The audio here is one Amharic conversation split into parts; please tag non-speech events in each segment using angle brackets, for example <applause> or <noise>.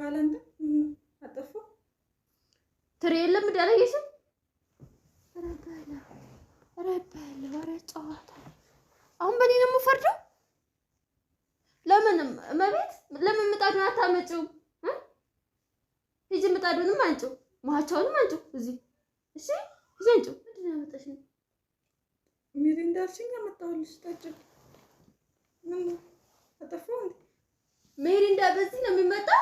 ኋላ እንትን አጠፋው ትሬ የለም እንዳለየሽ ረበለው ኧረ ጨዋታ አሁን በእኔ ነው የምፈርደው። ለምንም መቤት ለምን ምጣዱን አታመጪውም? ሂጂ ምጣዱንም አንጪው፣ መዋቻውንም አንጪው እዚህ እሺ፣ እዚህ አንጪው። ምንድን ነው ያመጣሽኝ? ሚሪ እንዳልሽኝ አመጣሁልሽ። ታጭ ምን አጠፋሁ? ሜሪ በዚህ ነው የሚመጣው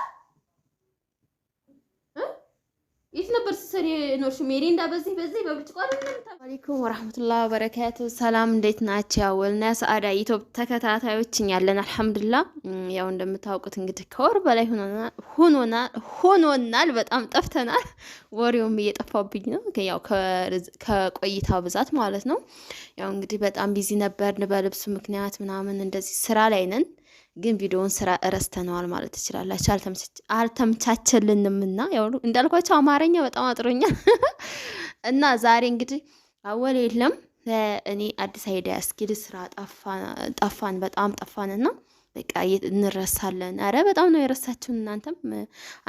የት ነበር ስትሰሪ ኖርሽ? ሜሪንዳ በዚህ በዚህ በብርጭቆ አለይኩም ወራህመቱላህ ወበረካቱ። ሰላም እንዴት ናቸው? ያወልና ሰአዳ ዩቲዩብ ተከታታዮች ያለን አልሐምዱላ። ያው እንደምታውቁት እንግዲህ ከወር በላይ ሆኖናል። በጣም ጠፍተናል። ወሬውም እየጠፋብኝ ነው፣ ያው ከቆይታ ብዛት ማለት ነው። ያው እንግዲህ በጣም ቢዚ ነበርን በልብሱ ምክንያት ምናምን፣ እንደዚህ ስራ ላይ ነን ግን ቪዲዮውን ስራ እረስተነዋል ማለት ትችላላችሁ። አልተመቻቸልንም እና ያው እንዳልኳቸው አማርኛ በጣም አጥሮኛል <laughs> እና ዛሬ እንግዲህ አወል የለም እኔ አዲስ አይዳ ያስኪድ ስራ ጠፋን፣ በጣም ጠፋን እና በቃ እንረሳለን። አረ በጣም ነው የረሳችሁን። እናንተም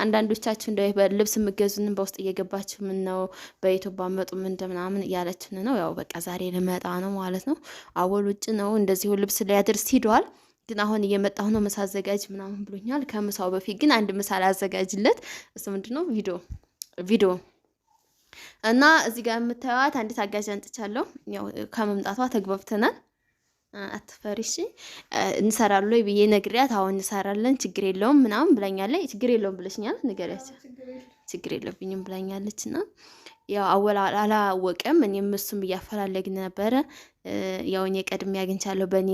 አንዳንዶቻችሁ እንደ ልብስ የምገዙንም በውስጥ እየገባችሁ ምን ነው በኢትዮጵያ ባመጡ እንደምናምን እያለችን ነው። ያው በቃ ዛሬ ልመጣ ነው ማለት ነው። አወል ውጭ ነው እንደዚሁ ልብስ ሊያደርስ ሂዷል። ግን አሁን እየመጣሁ ነው ምሳ አዘጋጅ ምናምን ብሎኛል። ከምሳው በፊት ግን አንድ ምሳ ላዘጋጅለት። እሱ ምንድን ነው ቪዲዮ ቪዲዮ እና እዚህ ጋር የምታዩት አንዲት አጋዥ አንጥቻለሁ። ያው ከመምጣቷ ተግባብተናል። አትፈሪሽ እንሰራለን ወይ ብዬ ነግሪያት፣ አሁን እንሰራለን ችግር የለውም ምናምን ብላኛለች። ችግር የለውም ብለሽኛል፣ ንገሪያቸው ችግር የለብኝም ብላኛለች። እና ያው አወላ አላወቀም። እኔም እሱም እያፈላለግን ነበረ። ያው እኔ ቀድሜ አግኝቻለሁ በእኔ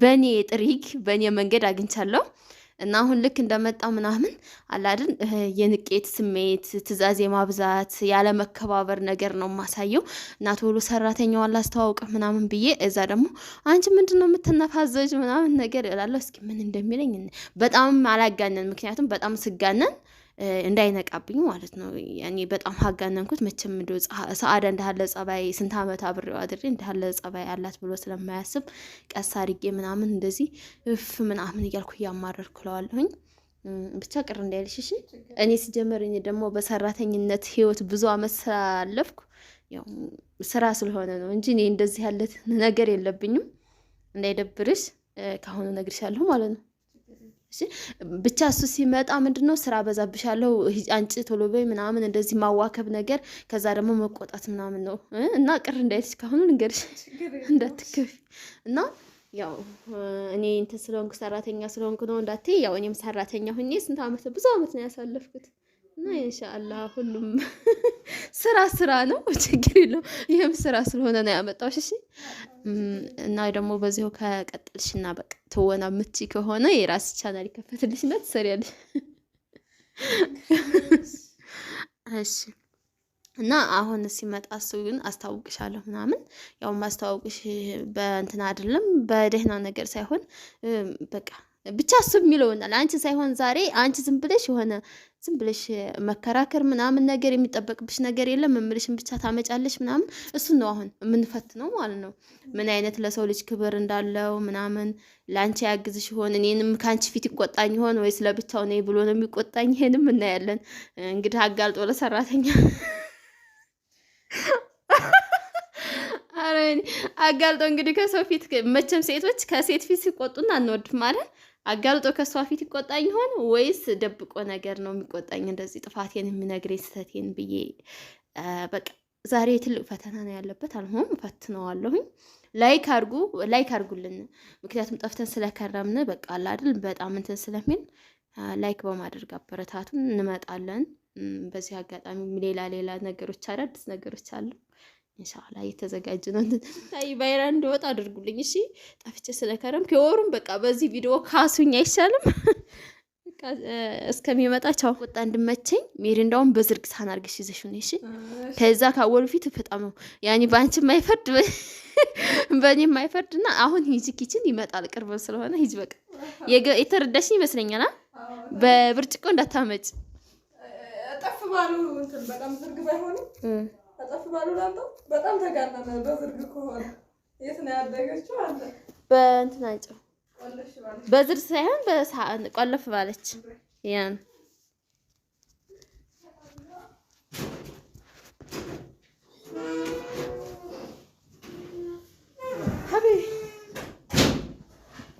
በእኔ ጥሪግ በእኔ መንገድ አግኝቻለሁ እና አሁን ልክ እንደመጣው ምናምን አላድን የንቄት ስሜት፣ ትእዛዝ የማብዛት ያለመከባበር ነገር ነው የማሳየው። እና ቶሎ ሰራተኛው አላስተዋውቅ ምናምን ብዬ እዛ ደግሞ አንቺ ምንድን ነው የምትነፋዘጅ ምናምን ነገር እላለሁ። እስኪ ምን እንደሚለኝ በጣም አላጋነን። ምክንያቱም በጣም ስጋነን እንዳይነቃብኝ ማለት ነው። ያኔ በጣም ሀጋነንኩት። መቼም እንደ ሰአደ እንዳለ ጸባይ ስንት ዓመት አብሬው አድሬ እንዳለ ጸባይ አላት ብሎ ስለማያስብ ቀስ አድርጌ ምናምን እንደዚህ እፍ ምናምን እያልኩ እያማረርኩ እለዋለሁኝ። ብቻ ቅር እንዳይልሽሽ። እኔ ሲጀመር እኔ ደግሞ በሰራተኝነት ህይወት ብዙ አመት ስላለፍኩ ያው ስራ ስለሆነ ነው እንጂ እኔ እንደዚህ ያለት ነገር የለብኝም። እንዳይደብርሽ ከአሁኑ ነግርሻለሁ ማለት ነው። እሺ ብቻ እሱ ሲመጣ ምንድን ነው ስራ በዛብሻለሁ፣ አንጭ ቶሎ በይ ምናምን እንደዚህ ማዋከብ ነገር፣ ከዛ ደግሞ መቆጣት ምናምን ነው እና ቅር እንዳይልሽ ካሁኑ እንገርሽ እንዳትከፊ እና ያው እኔ እንትን ስለሆንኩ ሰራተኛ ስለሆንኩ ነው እንዳትዪ። ያው እኔም ሰራተኛ ሁኜ ስንት አመት ብዙ አመት ነው ያሳለፍኩት። እና ኢንሻአላ ሁሉም <laughs> ስራ ስራ ነው፣ ችግር የለው። ይህም ስራ ስለሆነ ነው ያመጣሁሽ። እሺ። እና ደግሞ በዚሁ ከቀጠልሽና በቃ ትወና ምቺ ከሆነ የራስ ቻናል ይከፈትልሽ እና ትሰሪያለሽ። እሺ። እና አሁን ሲመጣ እሱ ግን አስታውቅሻለሁ ምናምን ያው ማስታወቅሽ በእንትን አይደለም በደህና ነገር ሳይሆን በቃ ብቻ እሱ የሚለውናል አንቺ ሳይሆን ዛሬ አንቺ ዝም ብለሽ የሆነ ዝም ብለሽ መከራከር ምናምን ነገር የሚጠበቅብሽ ነገር የለም። እምልሽን ብቻ ታመጫለሽ ምናምን። እሱን ነው አሁን የምንፈትነው ማለት ነው፣ ምን አይነት ለሰው ልጅ ክብር እንዳለው ምናምን። ለአንቺ ያግዝሽ ይሆን? እኔንም ከአንቺ ፊት ይቆጣኝ ይሆን? ወይስ ለብቻው ነው ብሎ ነው የሚቆጣኝ? ይሄንም እናያለን እንግዲህ። አጋልጦ ለሰራተኛ <laughs> አጋልጦ እንግዲህ ከሰው ፊት መቼም ሴቶች ከሴት ፊት ሲቆጡና አንወድም ማለት አጋልጦ ከሷ ፊት ይቆጣኝ ይሆን ወይስ ደብቆ ነገር ነው የሚቆጣኝ? እንደዚህ ጥፋቴን የሚነግረኝ ስህተቴን ብዬ በቃ ዛሬ ትልቅ ፈተና ነው ያለበት። አልሆም ፈትነዋለሁኝ። ላይክ አድርጉ፣ ላይክ አድርጉልን። ምክንያቱም ጠፍተን ስለከረምን በቃ አላድል በጣም እንትን ስለሚል ላይክ በማድረግ አበረታቱን። እንመጣለን። በዚህ አጋጣሚ ሌላ ሌላ ነገሮች አዳዲስ ነገሮች አሉ። እንሻላ እየተዘጋጀ ነው። ታይ ቫይራል እንደወጣ አድርጉልኝ እሺ። ጠፍቼ ስለከረም ከወሩም በቃ በዚህ ቪዲዮ ካሱኝ አይሻልም? እስከሚመጣ ቻው። ወጣ እንድመቸኝ ሜሪ እንዳውም በዝርግ ሳህን ይዘሽ ነው እሺ። ከዛ ካወሉ ፊት በጣም ነው ያኔ በአንቺ የማይፈርድ <laughs> በእኔ የማይፈርድ እና አሁን ሂጂ ኪችን ይመጣል ቅርብ ስለሆነ ሂጂ በቃ። የተረዳሽኝ ይመስለኛል። በብርጭቆ እንዳታመጭ ጠፍ ባሉ በጣም ዝርግ ባይሆንም አጠፍ ባሉ ላንተ በጣም ተጋነነ። በዝርግ ከሆነ የት ነው ያደገችው? በዝር ሳይሆን በሳን ቆለፍ ባለች ያን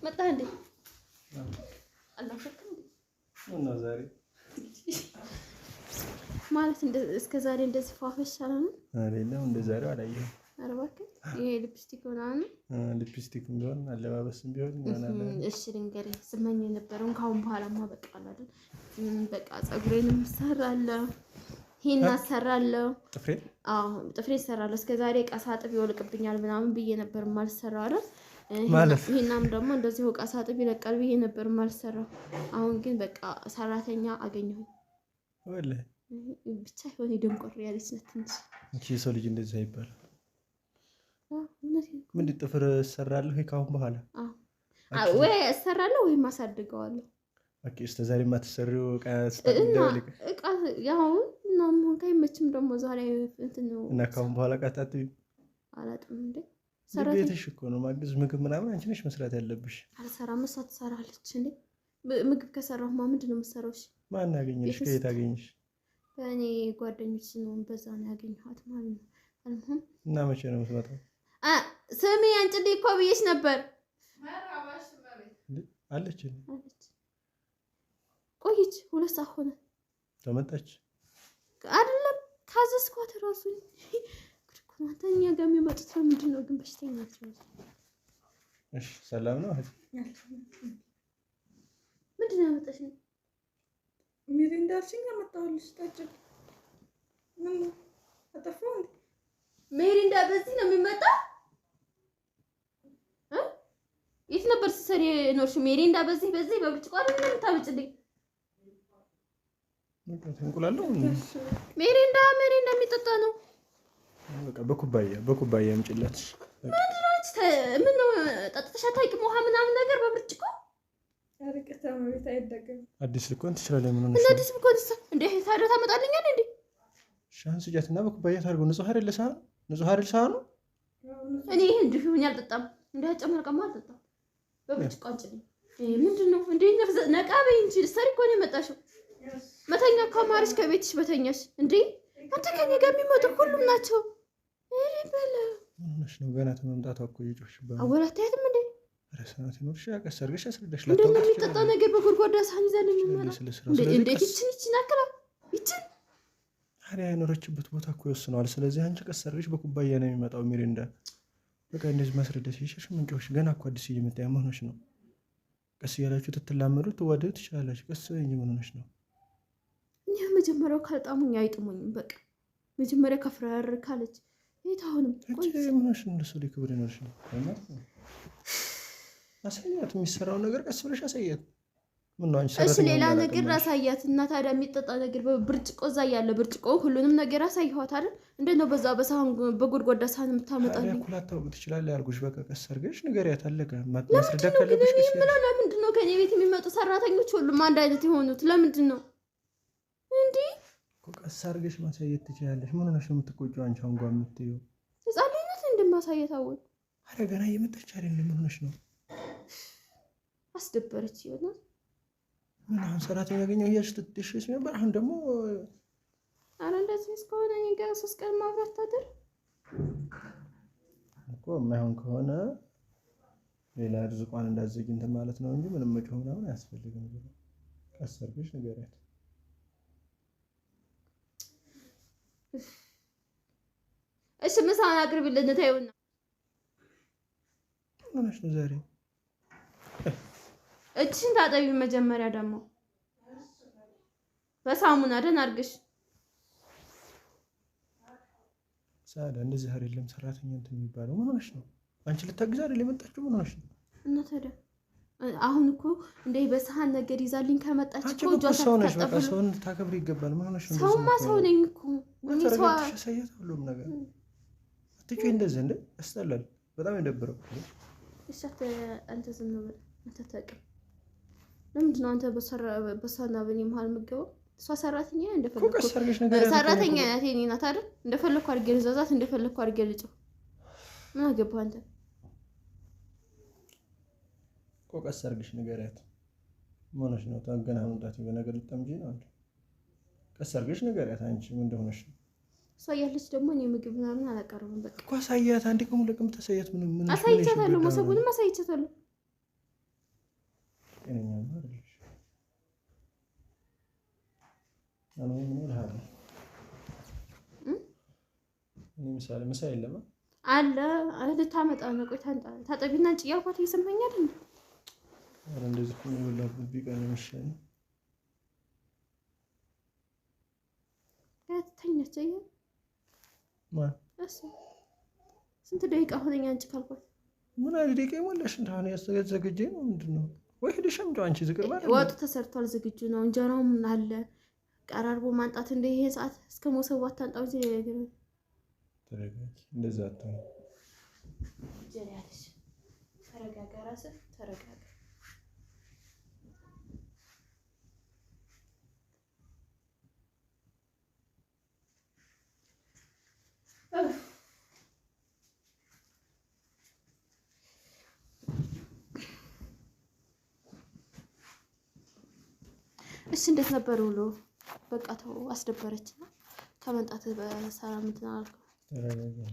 መጣ መጣህ እንዴ? አላፈክም እንዴ? ምን ነው ዛሬ ማለት እስከ ዛሬ እንደዚህ ፏፈሽ ነው አይደለም። እንደ ዛሬው አላየሁም። ኧረ እባክህ ይሄ ሊፕስቲክ ምናምን ሊፕስቲክ ቢሆን አለባበስም ቢሆን እሺ ልንገርህ፣ ስመኝ የነበረውን ከአሁን በኋላማ በቃ አላለም። በቃ ፀጉሬንም እሰራለሁ፣ ይሄን አሰራለሁ፣ ጥፍሬ አዎ ጥፍሬ እሰራለሁ። እስከ ዛሬ ዕቃ ሳጥብ ይወልቅብኛል ምናምን ብዬ ነበር የማልሰራው አይደል ማለት ይሄናም ደግሞ እንደዚህ ዕቃ ሳጥብ ይለቃል ብዬ ነበር የማልሰራው። አሁን ግን በቃ ሰራተኛ አገኘሁ ወለ ብቻ የሆነ ደንቆር ያለች ናት ትንሽ። የሰው ልጅ እንደዚህ አይባልም። ምንድን ጥፍር እሰራለሁ ከአሁን በኋላ ወይ እሰራለሁ ወይም አሳድገዋለሁ። እስከ ዛሬ ደግሞ ዛሬ እንትን እና ከአሁን በኋላ አላጥም እንዴ ቤትሽ እኮ ነው ማግዝ ምግብ ምናምን አንቺ ነሽ መስራት ያለብሽ። አልሰራም፣ እሷ ትሰራለች። እንዴ ምግብ ከሰራሁማ ምንድን ነው የምትሰራው? ማን አገኘሽ? ከየት አገኘሽ? በእኔ ጓደኞች ስንሆን በዛ ነው ያገኘኋት ማለት ነው። እና መቼ ነው የምትመጣው? ስሚ አንጭልኝ እኮ ብዬሽ ነበር አለች። ቆይች ሁለት ሰዓት ሆነ ተመጣች አይደለም ካዘዝኳት እራሱ ማተኛ ጋር የሚመጡት ለምንድን ነው ግን? በሽተኛ ሰላም ነው ምንድን ነው ያመጣሽ? ሚሪ እንዳልሽኝ አመጣሁልሽ። ጠጭ ምን አጠፋሁ? ሜሪ እንዳ በዚህ ነው የሚመጣው። የት ነበር ስትሰሪ ኖርሽ? ሜሪ በዚህ በዚህ በብርጭቆ አይደል የምታመጭልኝ? ሜሪንዳ ሜሪ የሚጠጣ ነው። በቃ በኩባያ በኩባያ አምጪላት። ምንድን ነው ጠጥተሽ አታውቂም? ውሃ ምናምን ነገር በብርጭቆ አዲስ ልኮን ትችላለህ። ምን ሆነሽ? አዲስ ልኮን እንዴ ታዲያ ታመጣልኛል እንዴ? ሻንስ ጃትና በኩባያ ታርጎ ንጹህ አይደለ ሳ ንጹህ አይደል? ነው። እኔ ይሄ እንዲሁ ምን አልጠጣም፣ እንዳያጨመርቀማ አልጠጣም። በብርጭቆ አንጭልኝ። ይሄ ምንድን ነው እንዴ? ነቃ በይ እንጂ ልትሰሪ እኮ ነው የመጣሽው። መተኛ ከማርሽ ከቤትሽ በተኛሽ እንዴ? አንተ ከኔ ጋር የሚመጡ ሁሉም ናቸው። ይሄ በለ ምንሽ ነው? ገና ተመምጣቷ እኮ ይጮሽ በአወላታያት ምን ረስናት ይኖርሽ ቀስ አድርገሽ አስረዳሽ። እንደሚጠጣ ነገር በጎድጓዳ ሳህን ይዘን እንዴት ይችን ይችን አክላ ይችን ታዲያ ያኖረችበት ቦታ እኮ ይወስነዋል። ስለዚህ አንቺ ቀስ አድርገሽ በኩባያ ነው የሚመጣው ሚሪንዳ። በቃ እንደዚህ ማስረዳት ይሻሽ። ምንጮች ገና እኮ አዲስ እየመጣ መሆኖች ነው። ቀስ እያላችሁ ትትላመዱ ትዋደ ትችላላችሁ። ቀስ እየመሆኖች ነው። እኛ መጀመሪያው ካልጣሙኝ አይጥሙኝም። በቃ መጀመሪያ ከፍራር ካለች ይታሁንም ቆይ ምኖች ነው ለሰው ክብር ይኖርሽ ነው አሳያት። የሚሰራው ነገር ቀስ ብለሽ አሳያት። እሺ ሌላ ነገር አሳያት እና ታዲያ የሚጠጣ ነገር ብርጭቆ እዛ ያለ ብርጭቆ ሁሉንም ነገር አሳይኋት አይደል? እንዴት ነው በዛ በሳህን በጎድጓዳ ሳህን የምታመጣልኝ? ላታውቅ ትችላለህ ያልኩሽ። በቃ ቀስ አድርገሽ ንገሪያት። አለቀ። ምለው ለምንድን ነው ከኔ ቤት የሚመጡ ሰራተኞች ሁሉም አንድ አይነት የሆኑት ለምንድን ነው? እንዲህ ቀስ አድርገሽ ማሳየት ትችላለሽ። ምን ሆነሽ የምትቆጩ የምትቆጪው? አንቺ አንጓ የምትይው ህጻን ልጅነት እንደማሳየት አወቅ አረ ገና እየመጣች አይደለም። ምን ሆነሽ ነው አስደበረች ይሆናል። አሁን ሰራተኛ ያገኘው እያልሽ ስትሽሽ ነበር። አሁን ደግሞ አረ እንደዚህ እስከሆነ እኔ ጋር ሶስት ቀን ማብራት ታድር እኮ የማይሆን ከሆነ ሌላ ርዝቋን እንዳዘጊ እንትን ማለት ነው እንጂ ምንም መጮህ ምናምን አያስፈልግም። ቀስ አድርገሽ ንገሪያት። እሺ ምሳውን አቅርብልን ታዩና ምን ነው ዛሬ እጅሽን ታጠቢ መጀመሪያ ደግሞ በሳሙና ደን አድርግሽ። ሳለ እንደዚህ አይደለም ሰራተኛ እንትን የሚባለው። ምን ሆነሽ ነው አንቺ? ልታግዛ አይደል የመጣችው? ምን ሆነሽ ነው? እና ታዲያ አሁን እኮ እንደይ በሰሃን ነገር ይዛልኝ ከመጣች እኮ ሰው ነሽ። በቃ ሰው ታከብሪ ይገባል። ምን ሆነሽ ነው? ሰውማ ሰው ነኝ እኮ ምን ሰው አሳያት ሁሉም ነገር አትጪ እንደዚህ እንደ ያስጠላል። በጣም የደብረው እሺ፣ አንተ ዝም ብለህ አንተ ተቀበል ለምንድነው አንተ በሷና በኔ መሀል የምገባው? እሷ ሰራተኛ ሰራተኛ ናት፣ የኔ ናት አይደል? እንደፈለግኩ አድርጌ ልዘዛት፣ እንደፈለግኩ አድርጌ ልጨው። ምን አገባህ አንተ? ቆቀስ አድርግሽ ንገሪያት። ምን ነው ታገና መምጣት? በነገር ልጠምጂ ነው አንተ? ቀስ አድርግሽ ንገሪያት፣ አንቺ ምን እንደሆነሽ ነው። እሷ እያለች ደግሞ እኔ ምግብ ምናምን አላቀርብም። በቃ እኮ አሳያት፣ አንዴ ቁም ለቅም ታሳያት። ምን ምን አሳይቻታለሁ፣ መሰቡንም አሳይቻታለሁ ጤነኛ አይደለሽ። ምሳሌ ምሳ የለም አለ ልታመጣ ነው። ቆይ ታጠቢና እንደዚህ ቢቀር ነው የሚሻለው። ስንት ደቂቃ ሆነኝ አንቺ ካልኳት ምን አይደል? ደቂቃ የሞላሽ? እንደሆነ ያዘጋጀ ነው ምንድን ነው ወይ ሄደሽ እንደው አንቺ ዝቅር ማለት ወጡ ተሰርቷል፣ ዝግጁ ነው። እንጀራውም አለ ቀራርቦ ማንጣት እንደ ይሄ ሰዓት እስከ መሰቡ አታንጣው እንጂ ነገር ተረጋግ። እንደዛ አትሆን ጀሪያለሽ። ተረጋጋ፣ ራስህ ተረጋጋ። እፍ እሺ እንዴት ነበር ውሎ? በቃ ተው አስደበረች። ና ከመምጣት በሰላም እንትን አላልኩም።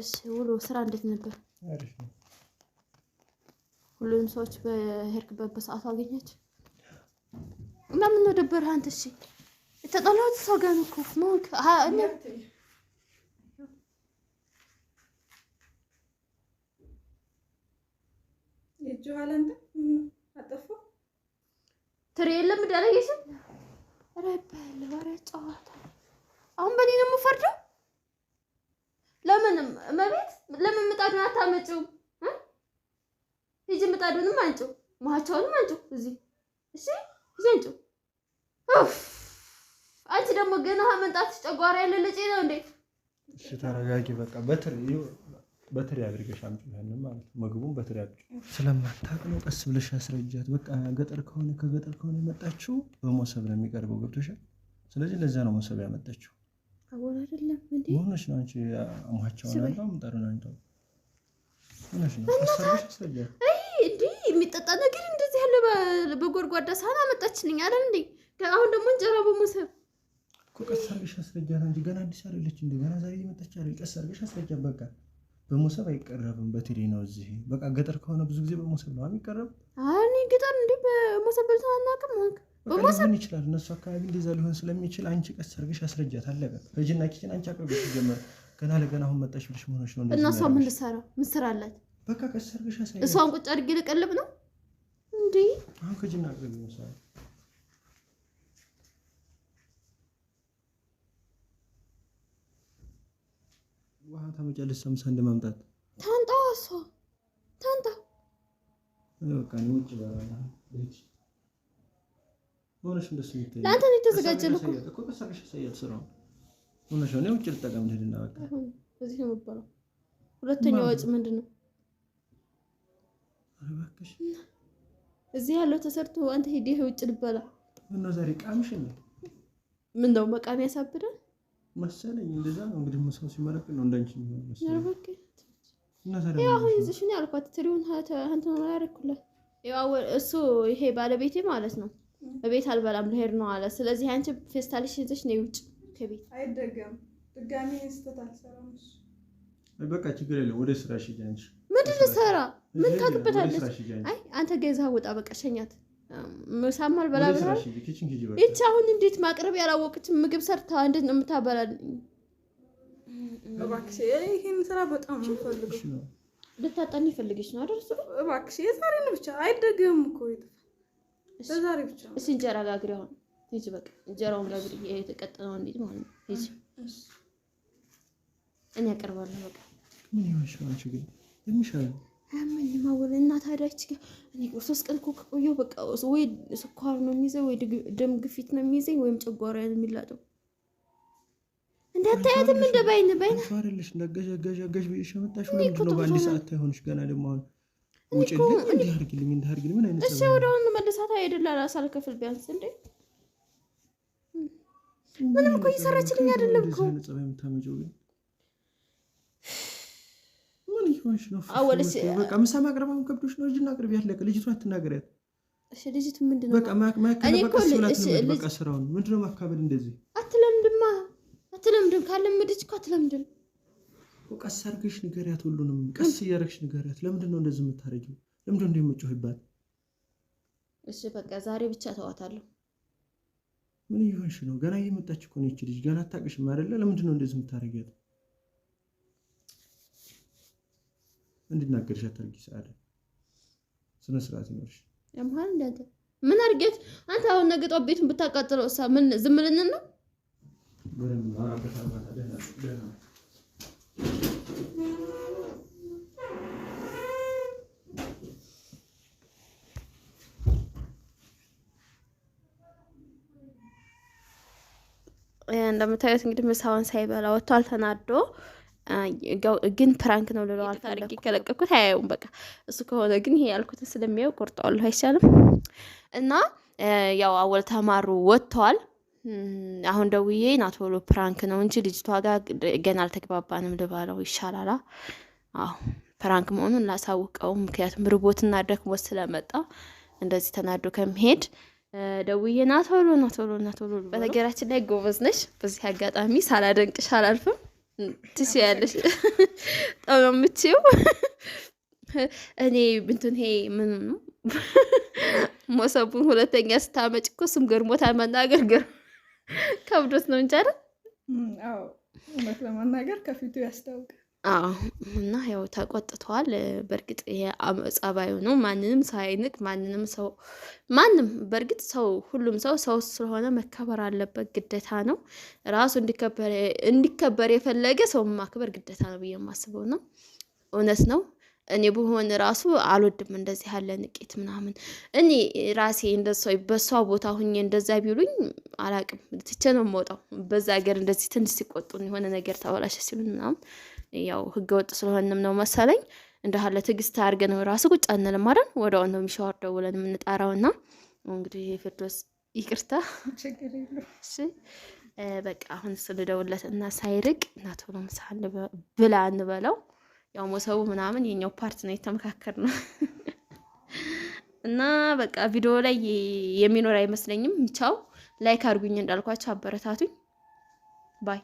እሺ ውሎ ስራ እንዴት ነበር? ሁሉም ሰዎች በሄድክበት በሰዓቱ አገኘች? እና ምን ነው ደበረህ አንተ? እሺ የተጠላሁት ሰው ጋር ነው እኮ ማወቅ እኔ የእጅ ኋላ እንትን ትሬ የለም ደረየሽ ረበል ወረ ጨዋታ አሁን በእኔ ነው የምፈርደው። ለምንም መቤት ለምን ምጣዱን አታመጪውም? ሂጂ ምጣዱንም አንጪው፣ መዋቻውንም አንጪው እዚህ እሺ፣ እዚህ አንጪው። አንቺ ደግሞ ገና መንጣት ጨጓራ ያለ ልጪ ነው እንዴ? እሺ ተረጋጊ፣ በቃ በትር በትሬ በትሪ አድርገሽ አምጪ ያንን ማለት ነው። ምግቡን በትሪ አድርገሽ ስለማታቅ ነው። ቀስ ብለሽ አስረጃት። በቃ ገጠር ከሆነ ከገጠር ከሆነ የመጣችው በሞሰብ ነው የሚቀርበው። ገብቶሻል? ስለዚህ ለዛ ነው ሞሰብ ያመጣችው። ሆነች ነው አንቺ አሟቸውን አንተ ምጠሩ ነው ሆነች ነው። እንዲህ የሚጠጣ ነገር እንደዚህ ያለ በጎድጓዳ ሳህን አመጣችልኝ አይደል እንዴ? አሁን ደግሞ እንጀራ በሞሰብ እኮ ቀስ አድርገሽ አስረጃት። አንቺ ገና አዲስ አይደለች እንደ ገና ዛሬ የመጣች አይደል? ቀስ አድርገሽ አስረጃት በቃ በሞሰብ አይቀረብም። በቴሌ ነው እዚህ በቃ ገጠር ከሆነ ብዙ ጊዜ በሞሰብ ነው የሚቀረብ። እኔ ገጠር እንዲ በሞሰብ በልተን አናውቅም። በሞሰብ ይችላል እነሱ አካባቢ እንደዛ ሊሆን ስለሚችል አንቺ ቀስ አድርገሽ አስረጃት። አለቀ። ሂጂና ኪችን አንቺ አቅርበሽ ጀመር ገና ለገና አሁን መጣሽ ብለሽ መሆኖች ነው። እና እሷ ምን ልትሰራ ምን ስራ አላት? በቃ ቀስ አድርገሽ አሳይ። እሷን ቁጭ አድርጌ ልቀልብ ነው እንዴ አሁን ከጅና አቅርቢ ውሃ ታመጫለሽ ሰምሳ እንደማምጣት ታንጣው እሷ ታንጣ በቃ ነው ውጭ ባላ ልጅ ሆነሽ እንደሱ ይተይ ለአንተ ነው የተዘጋጀልኩ እኮ ከሳቀሽ ሳይያል ስራው ሆነሽ ነው ውጭ ልጠቀም ልሄድና በቃ እዚህ ነው የምባለው። ሁለተኛው ወጪ ምንድን ነው? እዚህ ያለው ተሰርቶ አንተ ሄደህ ውጭ ልበላ። ምን ነው ዛሬ ቃምሽ ነው? ምን ነው መቃም ያሳብዳል? መሰለኝ እንደዛ ነው እንግዲህ መስሎ ሲመለከት ነው እንዳንቺ የሚሆን መሰለኝ። አሁን ይዝሽን ያልኳት ትሪውን አንተ ነው ያደረኩላት። እሱ ይሄ ባለቤቴ ማለት ነው በቤት አልበላም ልሄድ ነው አለ። ስለዚህ አንቺ ፌስታልሽ ይዘሽ ነይ ውጭ ከቤት አይደገም ድጋሚ በቃ ችግር የለም። ወደ ስራሽ ሂጂ አንቺ። ምንድን ነው ምን ታውቅበታለች? አይ አንተ ገዛ ወጣ በቃ ሸኛት ምሳማል በላ ይቺ አሁን እንዴት ማቅረብ ያላወቅችን ምግብ ሰርታ እንዴት ነው የምታበላልኝ? ይህን ስራ በጣም ፈልገው ልታጠን ይፈልገች ነው አደርሱ እባክሽ የዛሬ ነው ብቻ አይደገም እኮ ዛሬ ብቻ። እሺ እንጀራ ጋግሪ አሁን ሂጂ፣ በቃ እንጀራውን ጋግሪ። የተቀጠነው እንዴት ማለት ነው? ሂጂ፣ እኔ አቀርባለሁ። በቃ ምን ይሆንሽ አንቺ ግን የምሻለው አያመኝም ማወል እና ታዲያ ይቺ እኔ ሶስት ቀን እኮ በቃ ወይ ስኳር ነው የሚይዘኝ ወይ ደም ግፊት ነው የሚይዘኝ ወይም ጨጓራ ነው የሚላጠው። እንዳታያትም እንደ ባይን ባይን አይደለሽ ገዥ ገዥ ገዥ ብዬሽ የመጣሽ ምንድን ነው? በአንድ ሰዓት ታይሆንሽ ገና ደግሞ አሁን ውጭልኝ እንዳርግልኝ እንዳርግልኝ ምን አይነት እሺ፣ ወደ አሁን መለሳት አይደል ሳልከፍል ቢያንስ እንዴ ምንም እኮ እየሰራችልኝ አይደለም እኮ ሆንሽ ነው? በቃ ምሳ ማቅረብ አሁን ከብዶሽ ነው? ልጅቷ አትናገሪያት። ልጅቱ ምንድን ነው? በቃ ስራውን እንደዚህ አትለምድማ፣ አትለምድም። እኮ አትለምድም። ቀስ አድርገሽ ንገሪያት፣ ሁሉንም ቀስ እያደረግሽ ንገሪያት። ለምንድን ነው እንደዚህ የምታደርጊው? ለምንድን ነው እሺ በቃ ዛሬ ብቻ ተዋታለሁ። ምን እየሆንሽ ነው? ገና እየመጣች እኮ ነው ይቺ ልጅ። ገና አታውቅሽም አይደለ? ለምንድን ነው እንደዚህ የምታደርጊያት? እንድናገርሽ አታርጊ። ሰአደ ስነ ስርዓት ይኖርሽ። ያምሃል ምን አድርጌት አንተ አሁን ነገጧ ቤቱን ብታቃጥለው እሳ ምን ዝም ነው? እንደምታዩት እንግዲህ ምሳውን ሳይበላ ወጥቷል ተናዶ ግን ፕራንክ ነው ልለው አልታሪክ ከለቀኩት አያየውም። በቃ እሱ ከሆነ ግን ይሄ ያልኩትን ስለሚያየው ቆርጠዋለሁ። አይቻልም። እና ያው አወል ተማሩ ወጥተዋል። አሁን ደውዬ ናቶሎ ፕራንክ ነው እንጂ ልጅቷ ጋር ገና አልተግባባንም ልባለው ይሻላላ። አዎ ፕራንክ መሆኑን ላሳውቀው፣ ምክንያቱም ርቦትና ደክሞ ስለመጣ እንደዚህ ተናዶ ከመሄድ ደውዬ ናቶሎ ናቶሎ ናቶሎ። በነገራችን ላይ ጎበዝ ነሽ። በዚህ አጋጣሚ ሳላደንቅሽ አላልፍም። ትችያለሽ ጠው ነው የምችው እኔ ብንትን ሄ ምን ሞሰቡን ሁለተኛ ስታመጭ እኮ ስም ገርሞታል። መናገር ገር ከብዶት ነው እንጂ አይደል? እውነት ለመናገር ከፊቱ ያስታውቃል። እና ያው ተቆጥተዋል። በእርግጥ ይሄ ጸባዩ ነው። ማንንም ሳይንቅ ማንንም ሰው ማንም በእርግጥ ሰው ሁሉም ሰው ሰው ስለሆነ መከበር አለበት፣ ግዴታ ነው። ራሱ እንዲከበር የፈለገ ሰው ማክበር ግዴታ ነው ብዬ የማስበው ነው። እውነት ነው። እኔ በሆን ራሱ አልወድም እንደዚህ ያለ ንቄት ምናምን። እኔ ራሴ እንደሷ በሷ ቦታ ሁኜ እንደዛ ቢሉኝ አላቅም ትቼ ነው የምወጣው። በዛ ሀገር እንደዚህ ትንሽ ሲቆጡን የሆነ ነገር ተበላሸ ሲሉን ምናምን ያው ህገ ወጥ ስለሆንም ነው መሰለኝ እንደሃለ ትዕግስት አድርገን ራሱ ቁጭ አንልም አይደል? ወደ ነው የሚሻወር ደውለን የምንጠራውና እንግዲህ ፍርዶስ ይቅርታ፣ በቃ አሁን ስልደውለት እና ሳይርቅ እናት ሆኖ ምሳ ብላ እንበለው። ያው መሰቡ ምናምን የኛው ፓርት ነው የተመካከር ነው እና በቃ ቪዲዮ ላይ የሚኖር አይመስለኝም። ቻው ላይክ አድርጉኝ እንዳልኳቸው አበረታቱኝ ባይ